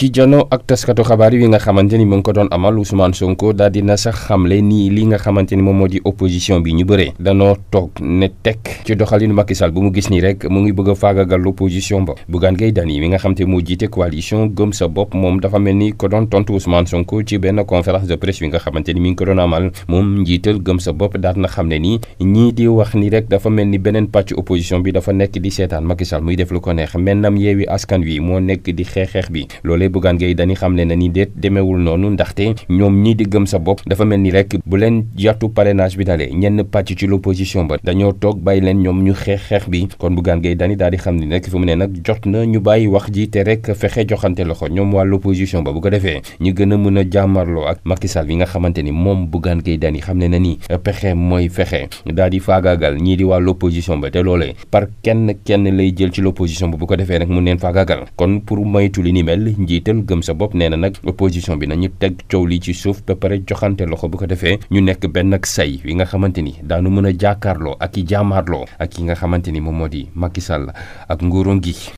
ci jono ak taskatu xabaar yi nga xamante ni mu ngi ko doon amal Ousmane Sonko daal di na sax xamle nii li nga xamante ni moom moo di opposition bi ñu bëree danoo toog ne tekk ci doxalinu Macky Sall bu mu gis nii rek mu ngi bëgg a faagagal l'opposition ba Bougane Gueye Dany mi nga xam te moo jiite coalition gëm sa bopp moom dafa mel ni ko doon tontu Ousmane Sonko ci benn conférence de presse bi nga xamante ni mu ngi ko doon amal moom njiital gëm sa bopp daal na xam ne nii ñii di wax nii rek dafa mel ni beneen pàcc opposition bi dafa nekk di seetaan Macky Sall muy def lu ko neex mel nam yeewi askan wi moo nekk di xeexeex bi loolee Bougane Gueye Dany xam ne na ni déet demeewul noonu ndaxte ñoom ñi di gëm sa bopp dafa mel ni rek bu leen yàttu parrainage bi dalee ñenn pàcc ci l'opposition ba dañoo toog bàyyi leen ñoom ñu xeex xeex bi kon Bougane Gueye Dany daal di xam ne nag fi mu ne nag jot na ñu bàyyi wax ji te rek fexe joxante loxo ñoom waa l'opposition ba bu ko defee ñu gën a mën a jàmmarloo ak Macky Sall bi nga xamante ni moom Bougane Gueye Dany xam ne na ni pexe mooy fexe daal di faagaagal ñii di waa l'opposition ba te loolee par kenn kenn lay jël ci l'opposition ba bu ko defee nag mun leen faagaagal njiital gëm sa bopp nee na nag opposition bi nañu teg coow lii ci suuf ba pare joxante loxo bu ko defee ñu nekk benn ak say wi nga xamante ni daanu mën a jaakaarloo ak i jaamaarloo ak yi nga xamante ni moom moo di Macky Sall ak nguuram gi